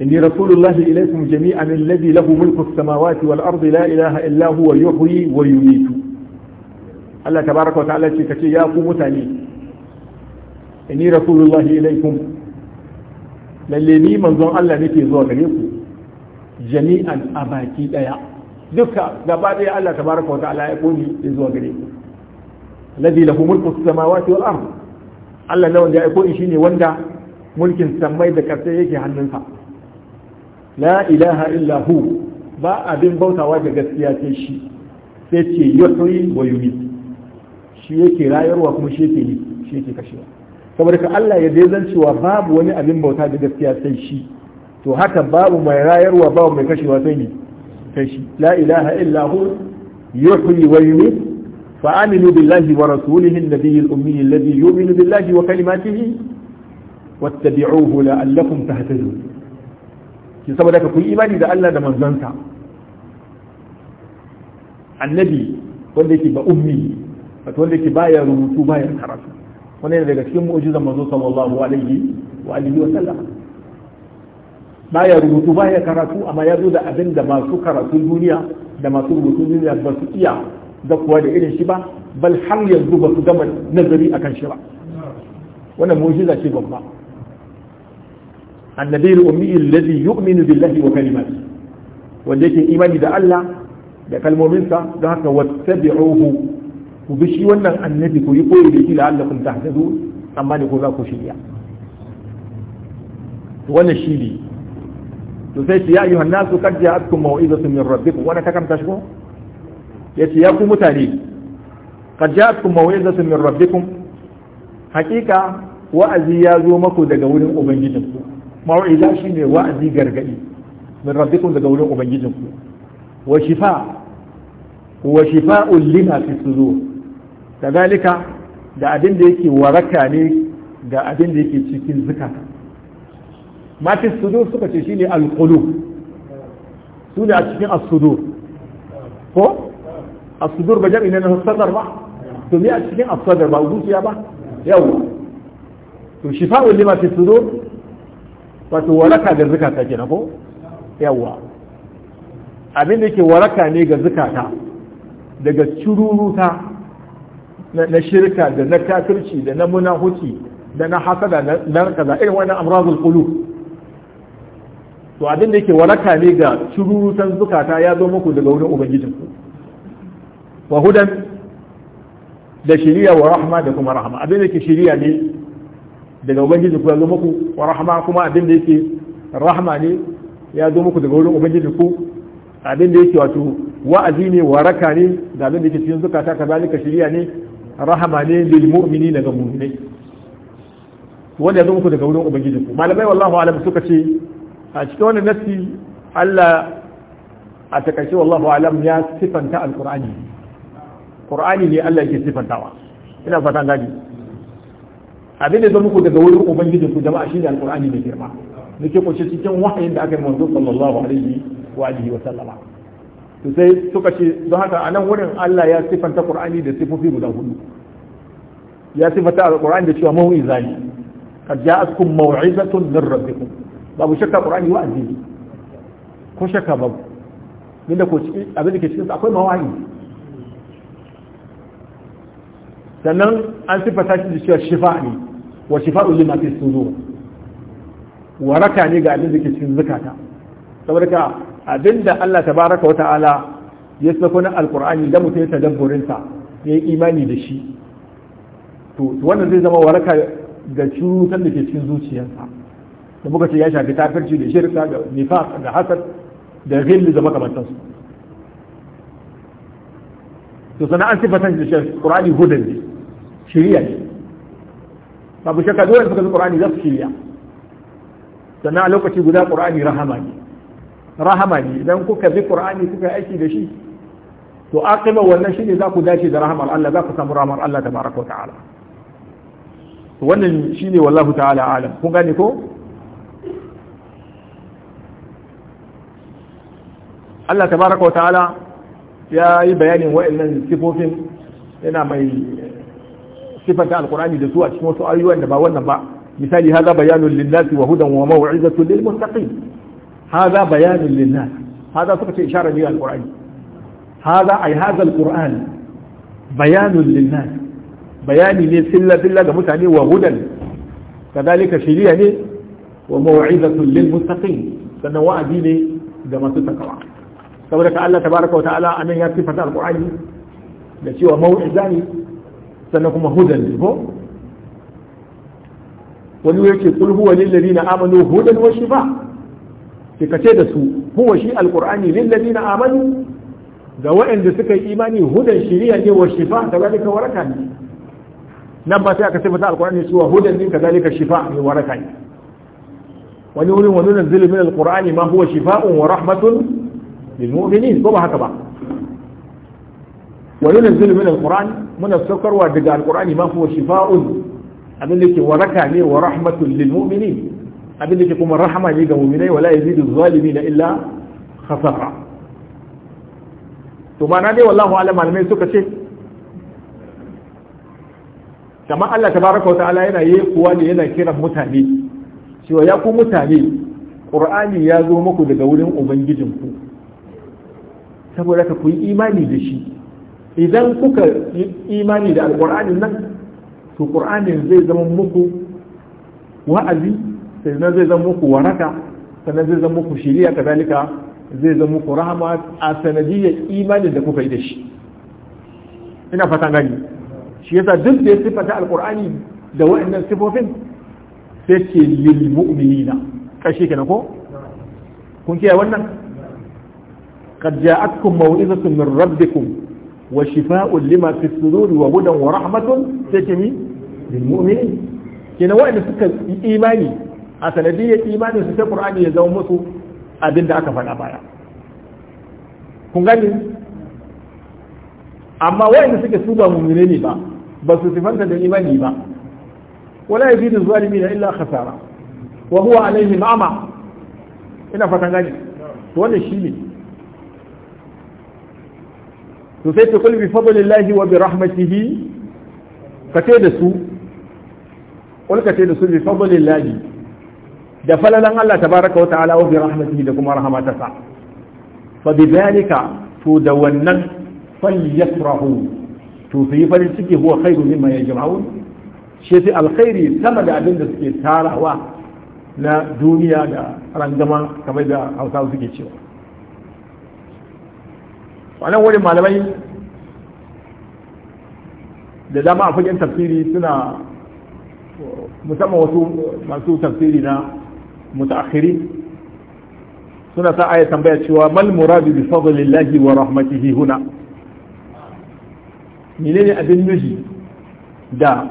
inni rasulullahi ilaykum jami'an alladhi lahu mulku as-samawati wal ardi la ilaha illa huwa yuhyi wa yumiitu Allah tabaaraka wa ta'ala ce kace ya ku mutane inni rasulullahi ilaykum lalle ni manzon Allah nake zuwa gare ku jami'an a baki daya duka gaba ɗaya Allah tabaraka wa ta'ala ya koni zuwa gare ku alladhi lahu mulku samawati wal ard Allah ne wanda ya aiko shi ne wanda mulkin samai da ƙasa yake hannunsa la ilaha illa hu ba abin bautawa da gaskiya ce shi sai ce yusri wa yumit shi yake rayarwa kuma shi yake yi shi yake kashewa saboda ka Allah ya dai zan cewa babu wani abin bauta da gaskiya sai shi to haka babu mai rayarwa babu mai kashewa sai ni كشي لا إله إلا هو يحيي ويميت فآمنوا بالله ورسوله النبي الأمي الذي يؤمن بالله وكلماته واتبعوه لعلكم تهتدون يسمى لك كل إيمان إذا ألا دمان زنسا النبي وليك بأمي وليك بايا رموتو بايا الحرس وليك بأمي وليك بأمي وليك عليه وليك بأمي وليك baya rubutu baya karatu amma ya zo da abin da masu karatun duniya da masu rubutun duniya ba su iya da kuwa da irin shi ba bal har yanzu ba su gama nazari akan shi ba wannan mu'jiza ce babba annabi ummi alladhi yu'minu billahi wa kalimati wanda yake imani da Allah da kalmominsa da haka wattabi'uhu ku bi shi wannan annabi ku yi koyi da shi la'allakum tahtadun amma ne ko za ku shirya wannan shi ne to sai ce ya ayyuhan nasu kad ja'atkum mau'izatun min rabbikum wani ka kanta shi ko yace ya ku mutane kad ja'atkum mau'izatun min rabbikum hakika wa'azi ya zo maku daga wurin ubangijin ubangijinku mau'iza shine wa'azi gargadi min rabbikum daga wurin ubangijin ku. wa shifa wa shifa'un lima fi sudur kadalika da abin da yake waraka ne ga abin da yake cikin zukata matis sudur suka ce shine alqulub su ne a cikin as ko as-sudur ba jami'in na sadar ba to ne a cikin as-sadar ba zuciya ba yawa to shifa'u lima fi sudur wato waraka ga zakata kenan ko yawa abin da yake waraka ne ga zakata daga cururuta na shirka da na kafirci da na munahuci da na hasada na kaza irin wannan amradul qulub to abin da yake waraka ne ga shururutan zukata ya zo muku daga wurin ku. wa hudan da shiriya wa rahma da kuma rahma abin da yake shiriya ne daga ku ya zo muku wa rahma kuma abin da yake rahma ne ya zo muku daga wurin ku. abin da yake wato wa'azi ne waraka ne da abin da yake cikin zukata kazalika shiriya ne rahama ne lil mu'minina ga mu'minai wanda ya zo muku daga wurin ku. malamai wallahu alam suka ce a cikin wani nasi Allah a takaice wallahu alam ya sifanta alqur'ani Ƙur'ani ne Allah yake sifantawa ina fatan gani abin da zo muku daga wurin ubangiji ku jama'a shine alqur'ani ne girma nake kuce cikin wahayin da aka yi manzo sallallahu alaihi wa alihi wa sallama to sai suka ce don haka a nan wurin Allah ya sifanta ƙur'ani da sifofi guda hudu ya sifanta alqur'ani da cewa mau'iza ne kad ja'atkum mau'izatun min rabbikum babu shakka qur'ani wa addini ko shakka babu inda ko cikin abin da ke cikin akwai mawahi sannan an sifata shi da cewa shifa ne wa shifa'u lima fi sudur waraka ne ga abin da ke cikin zakata saboda ka abinda Allah tabaraka wa ta'ala ya sako na alqur'ani da mutum ya tadabburin sa ya yi imani da shi to wannan zai zama waraka ga cutar da ke cikin zuciyarsa da muka ce ya shafi kafirci da shirka da nifaq da hasad da ghilli da makamantansu to sana'an sifatan da shi qur'ani hudan ne shiriya ne babu shakka dole suka zuwa qur'ani za su shiriya sannan a lokaci guda qur'ani rahama ne rahama ne idan kuka bi qur'ani kuka aiki da shi to aqiba wannan shine za ku dace da rahamar Allah za ku samu rahamar Allah tabaraka wa ta'ala wannan shine wallahu ta'ala alam kun gane ko Allah tabaraka wa ta'ala ya yi bayanin wa'annan sifofin yana mai sifanta alkur'ani da su a cikin wasu ayyuan da ba wannan ba misali haza bayanun linnasi wa hudan wa maw'izatun lil muttaqin haza bayanun linnas haza suka ce isharar ne alkur'ani haza ay haza alkur'an bayanun linnas bayani ne silla silla ga mutane wa hudan kadalika shiriya ne wa maw'izatun lil muttaqin sannan wa'azi ne da masu takawa saboda ka Allah tabaraka wa ta'ala anan ya sifata alqur'ani da cewa mau'iza ne sannan kuma hudan ko wani yake kul huwa lil ladina amanu hudan wa shifa sai kace da su huwa shi alqur'ani lil ladina amanu Da waɗanda suka yi imani hudan shiriya ne wa shifa da zalika waraka ne nan ba sai aka sifata alqur'ani cewa hudan ne kazalika shifa ne waraka ne wani wurin wani nan zilimin alqur'ani ma huwa shifa'un wa rahmatun lil mu'minin ko ba haka ba wa yunzilu min alquran muna saukarwa daga alqurani ma huwa abin da yake waraka ne wa rahmatul lil mu'minin abin da yake kuma rahama ne ga mu'minai wala yazidu zalimin illa khasara to ma'ana dai wallahu alam suka ce kamar Allah tabaraka wa ta'ala yana yi ne yana kiran mutane cewa ya mutane Ƙur'ani ya zo muku daga wurin ubangijinku saboda ka kuyi yi imani da shi idan kuka yi imani da alƙur'anin nan to ƙur'anin zai zama muku wa'azi sannan zai zama muku waraka sannan zai zama muku shiriya kazalika zai zama muku rahama a sanadiyyar imanin da kuka yi da shi ina fatan gani shi yasa duk da ya siffata alƙur'ani da waɗannan sifofin sai ce lil mu'minina kashi kenan ko kun kiyaye wannan قد جاءتكم موعظة من ربكم وشفاء لما في الصدور وهدى ورحمة تجمي للمؤمنين كنا وإن سكة إيماني أسندية إيماني سكة قرآن يزوم مسو أبين دعك فالأبايا kun gani amma wa'anda suke su ba mummune ne ba ba su sifanta da imani ba wala yazidu na illa khasara wa huwa alaihim ama ina fatan gani to to sai ta kulbi fadlillahi wa bi rahmatihi ka da su kulka da su bi fadlillahi da falalan Allah tabaraka wa ta'ala wa bi rahmatihi da kuma rahmatasa sa fa bi dalika to da wannan falyafrahu to su yi farin ciki huwa khairu mimma yajma'un shi sai alkhairi sama da abin da suke tarawa na duniya da rangama kamar da hausa suke cewa wannan wurin malamai da dama a fagen tafsiri suna musamman wasu masu tafsiri na mutakhiri suna sa aya tambaya cewa mal muradu bi fadlillahi wa rahmatihi huna menene abin nufi da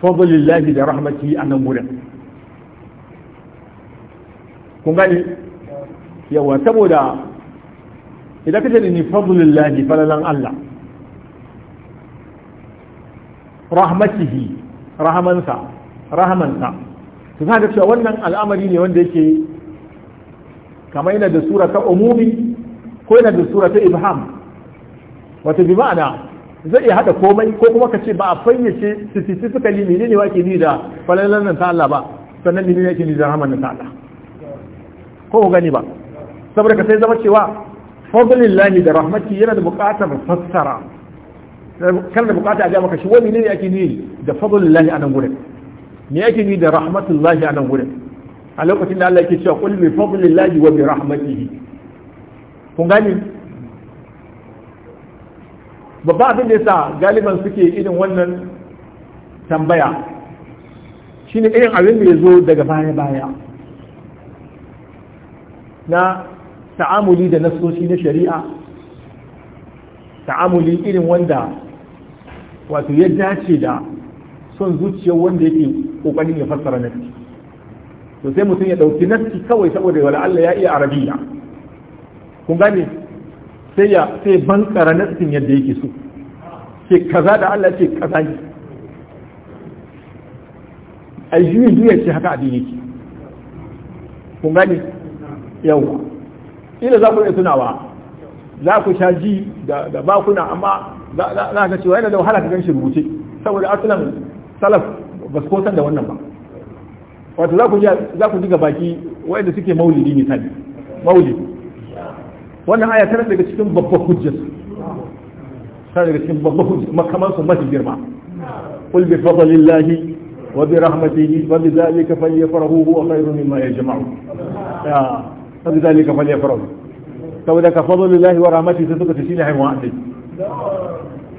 fadlillahi da rahmatihi a nan wurin kun gani yawa saboda idan kace ni fadlillahi falalan Allah rahmatihi rahamansa rahamansa to kaga cewa wannan al'amari ne wanda yake kama yana da sura ta umumi ko yana da sura ta ibham Wata bi ma'ana zai iya haɗa komai ko kuma ka ce ba a fayyace statistically menene wake ni da falalan nan ta Allah ba sannan ne yake ni da rahaman ta Allah ko gani ba saboda ka sai zama cewa fadlillahi da rahmatin yana da buƙatar fassara kan da buƙata a ga maka shi wani ne ake ni da fadlillahi a nan gurin me ake ni da rahmatullahi a nan gurin a lokacin da Allah yake cewa kul bi fadlillahi wa bi rahmatihi kun gani babba abin da yasa galiban suke irin wannan tambaya shine irin abin da ya zo daga baya baya na ta'amuli da nasoshi na shari'a ta'amuli irin wanda wato ya dace da son zuciyar wanda yake kokarin ya fassara nafsi to sai mutum ya dauki nafsi kawai saboda wala Allah ya iya arabiya kun gane sai ya sai bankara nafsin yadda yake so Ke kaza da Allah ce kaza ne ayyuhu ya ce haka abin yake kun gane yawa ila za ku iya tunawa za ku sha ji da bakuna amma za ka cewa yana da wahala ka gan shi rubuce saboda asalin salaf ba su kosan da wannan ba wato za ku ji baki wa'anda suke maulidi misali maulidi wannan aya tana daga cikin babban hujjar tana daga cikin babban hujjar makaman su mafi girma qul bi fadlillahi wa bi rahmatihi wa bi dhalika falyafrahu huwa khayrun mimma yajma'u sabi zalika fal yafrahu saboda ka fadlullahi wa rahmatihi sai suka tashi ne haihuwa annabi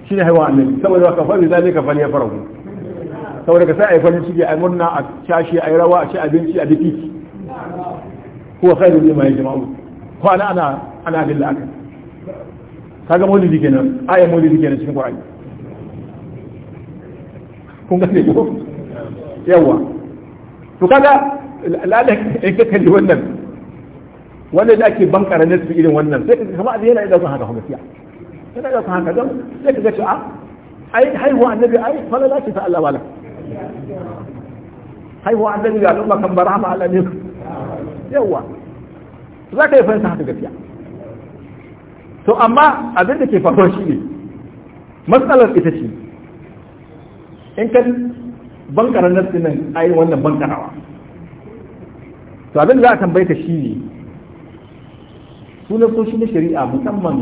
shi ne haihuwa annabi saboda ka fadlu zalika fal yafrahu saboda ka sai ai farin ciki ai murna a shashi ai a ci abinci a kaga maulidi kenan ayan maulidi kenan cikin qur'ani kun gane ko yawa to kaga lalle in ka wannan wanda da ake bankara na su irin wannan sai ka kama yana da son haka gaskiya yana da haka don sai ka ga cewa ai haihuwa annabi ai falala ce ta Allah wala haihuwa annabi ga al'umma kan barama Allah ne yawa za ka yi fahimta haka gaskiya to amma abin da ke faruwa shi ne matsalar ita ce in kan bankaran nan ai wannan bankarawa to abin da za a tambaye ka shi ne su nasoshi na shari'a musamman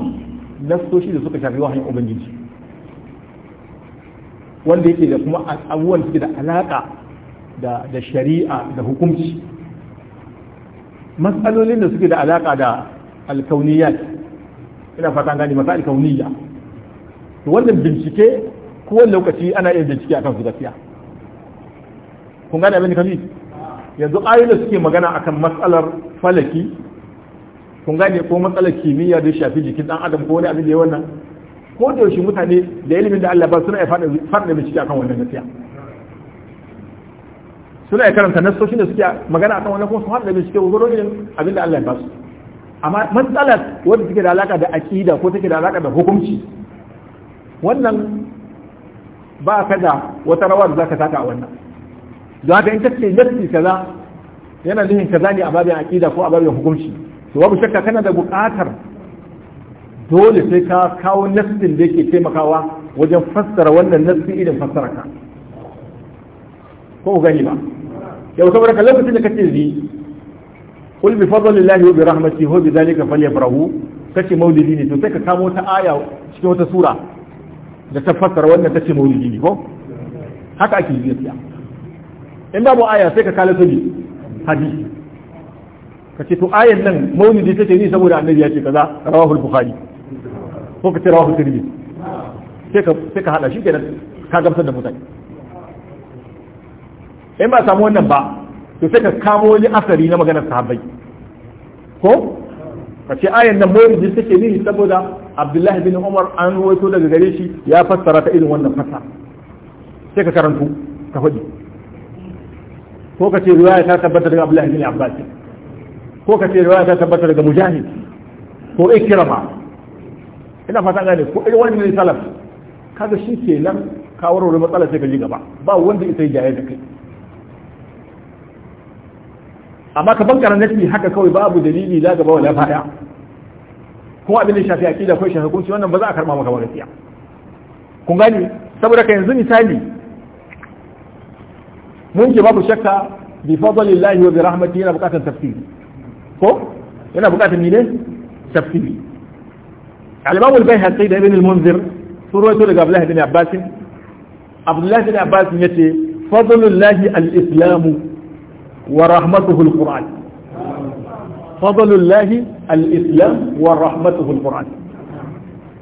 nasoshi da suka shafi wahayin ubangiji wanda yake da kuma abubuwan suke da alaƙa da shari'a da hukunci matsalolin da suke da alaƙa da alkauniya ina fatan gani masu alkauniya wannan bincike kowane lokaci ana iya bincike akan su gaskiya kun gane abin da kami yanzu ayoyin da suke magana akan matsalar falaki kun gane ko matsalar kimiyya da shafi jikin dan adam ko wani abin da ya wannan ko da yaushe mutane da ilimin da Allah ba suna ya fada bincike akan wannan gaskiya suna ya karanta shi da suke magana akan wannan kuma su fada bincike ko gurin abin da Allah ya ba su amma matsalar wanda take da alaka da aqida ko take da alaka da hukunci wannan ba ka da wata rawa da zaka taka a wannan don haka in kace nassi kaza yana nufin kaza ne a babin aqida ko a babin hukunci to babu shakka kana da buƙatar dole sai ka kawo nassin da yake taimakawa wajen fassara wannan nassi irin fassara ka ko gani ba yau saboda ka lokacin da kace zi kul bi fadlillahi wa bi rahmatihi wa bi zalika falyafrahu kace maulidi ne to sai ka kawo ta aya cikin wata sura da ta fassara wannan kace maulidi ne ko haka ake yi gaskiya in babu aya sai ka kala tabi hadisi ka ce to ayan nan maulidi take ni saboda annabi ya ce kaza rawahul bukhari ko ka ce rawahul tirmidhi sai ka sai ka hada shi kenan ka gamsar da mutane in ba samu wannan ba to sai ka kamo wani asari na maganar sahabbai ko ka ce ayan nan maulidi take ni saboda abdullahi bin umar an wato daga gare shi ya fassara ta irin wannan fasa sai ka karantu ka faɗi ko ka ce riwaya ta tabbata daga abdullahi bin abbas ko ka ce riwaya ta tabbata daga mujahid ko ikrama ina fata gane ko irin wani ne salaf kaga shi ke nan ka warware matsala sai ka ji gaba ba wanda ita jaye da kai amma ka bankara nafi haka kawai babu dalili la gaba wala baya ko abin da shafi aqida ko shafi hukunci wannan ba za a karba maka gaskiya kun gani saboda ka yanzu misali mun ke babu shakka bi fadlillahi wa bi rahmatihi na bukatan tafsiri ko yana bukatar ni ne tafsiri al-imam al-bayhaqi da ibn al-munzir daga abdullahi bin abbas abdullahi bin abbas yace fadlullahi al-islamu wa rahmatuhu al-qur'an fadlullahi al-islam wa rahmatuhu al-qur'an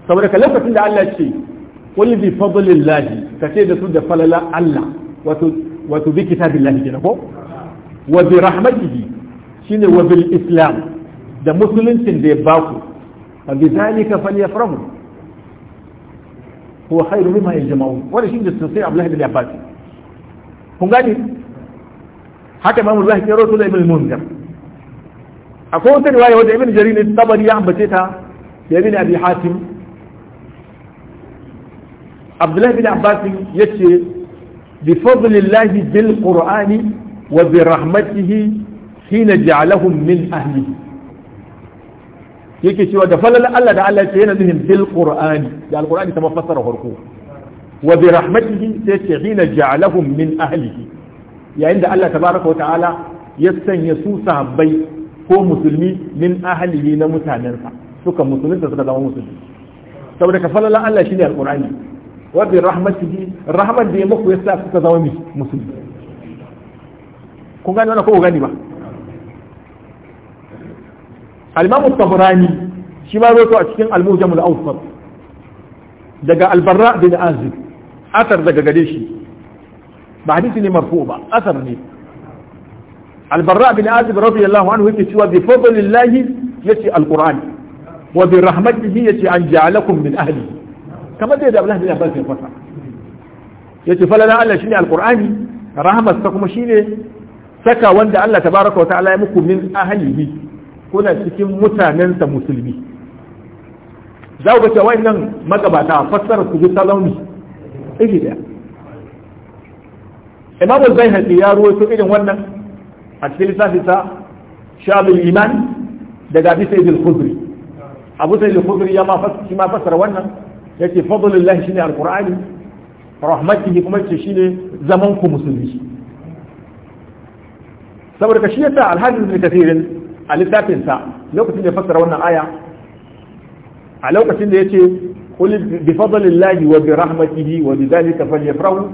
saboda da Allah ce bi fadlillahi kace da su da falala Allah wato wato bi kitabillahi kenan ko wa bi rahmatihi shine wabil islam da musuluncin da ya baku fa bi zalika falyafrahu huwa khairu mimma yajma'un wala shi da sai Abdullah bin Abbas kun gani haka Imam Zuhri ya rawaito da Ibn Munzir akwai wata riwaya wanda Ibn Jarir tabari ya ambace ta da Ibn Abi Hatim abdullahi bin Abbas yace bi fadlillahi bil Qur'ani wa bi rahmatihi hina ja'alahum min ahli yake cewa da falal Allah da Allah ce yana nufin bil qur'ani da alqur'ani ta mafassara harko. wa bi rahmatihi sai ce hina ja'alahum min ahli. yayin da Allah tabaraka wa ta'ala ya sanya su sahabbai ko musulmi min ahlihi na mutanensa suka musulunta suka zama musulmi saboda ka falala Allah shine alqur'ani wa bi rahmatihi rahman da ya muku yasa suka zama musulmi kun gani wannan ko gani ba الإمام الطبراني شما روتو اتشكين الموجم الأوسط دقا البراء بن آزب أثر دقا قديشي بحديثي ني مرفوبة أثر ني البراء بن آزب رضي الله عنه يتشوى بفضل الله يتي القرآن وبرحمته يتي أن جعلكم من أهله كما دي دابلاه بن أباس الفتح يتي فلنا ألا شني القرآن رحمة تقمشيني سكا وند ألا تبارك وتعالى يمكم من أهله kuna cikin mutanensa musulmi za ku ga wayannan magabata fassara ku bi salauni iri daya imamu zaihaqi ya ruwaito irin wannan a cikin lissafi ta shabul iman daga abi sa'id al abu sa'id al-khudri ya ma fassara ma fassara wannan yake fadlullahi shine alkurani qurani rahmatihi kuma ce shine zaman ku musulmi saboda shi yasa al-hadith ibn a littafinsa lokacin da ya fassara wannan aya a lokacin da ya ce kul bi fadlillahi wa bi rahmatihi wa bi dhalika falyafrahu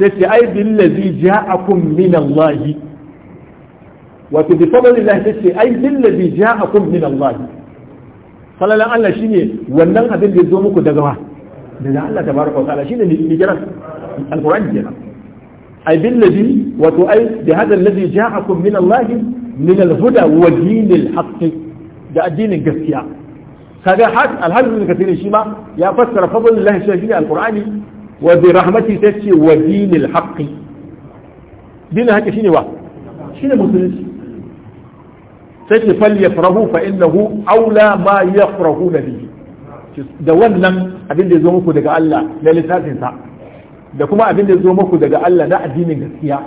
sai ce ai billazi ja'akum min Allah wato bi fadlillahi sai ce ai billazi ja'akum min Allah falalan Allah shine wannan abin da ya zo muku daga wa daga Allah tabaraka wa ta'ala shine ni jiran alqur'ani kenan ai wato ai bi hadha alladhi ja'akum min Allah min al-huda wa din haqq da addinin gaskiya kaga alhamdu bin kathir shi ma ya fassara fadlullahi shafi al-qur'ani wa bi rahmati tace wa din al-haqq din al shine wa shine musulunci sai ce fal yafrahu fa innahu aula ma yafrahu bihi da wannan abin da ya zo muku daga Allah da littafin sa da kuma abin da zo muku daga Allah na addinin gaskiya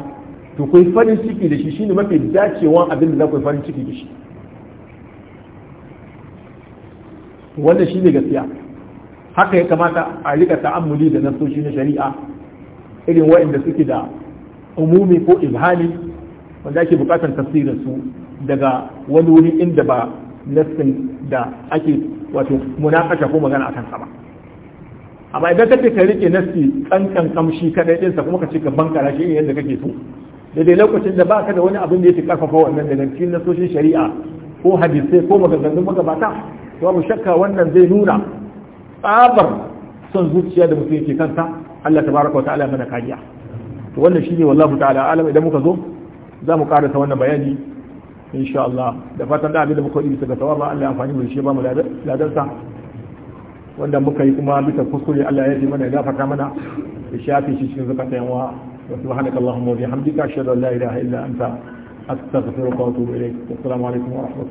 to kai farin ciki da shi shine mafi dacewan abin da za ku farin ciki da shi wannan shine gaskiya haka ya kamata a rika ta'ammuli da nasoshi na shari'a irin waɗanda suke da umumi ko ibhali wanda ake bukatar tafsirin su daga wani wuri inda ba nassin da ake wato munakasha ko magana akan sa ba amma idan kake ka rike nasi kankan kamshi kadai din sa kuma ka ci ka bankara shi yadda kake so dai lokacin da baka da wani abin da yake karfafa wannan daga cikin nasoshin shari'a ko hadisai ko maganganun magabata babu shakka wannan zai nuna tsabar son zuciya da mutum yake kansa Allah tabaraka ta'ala mana kariya to wannan shine wallahi ta'ala alama idan muka zo za mu karasa wannan bayani insha Allah da fatan da abin da muka yi bisa ga Allah ya amfani mu shi ba mu ladarsa wanda muka yi kuma bisa kuskure Allah ya ji mana ya gafarta mana ya shafi shi cikin zakata yanwa wa subhanaka allahumma wa bihamdika ashhadu an la ilaha illa anta astaghfiruka wa atubu ilayk assalamu alaikum wa rahmatullahi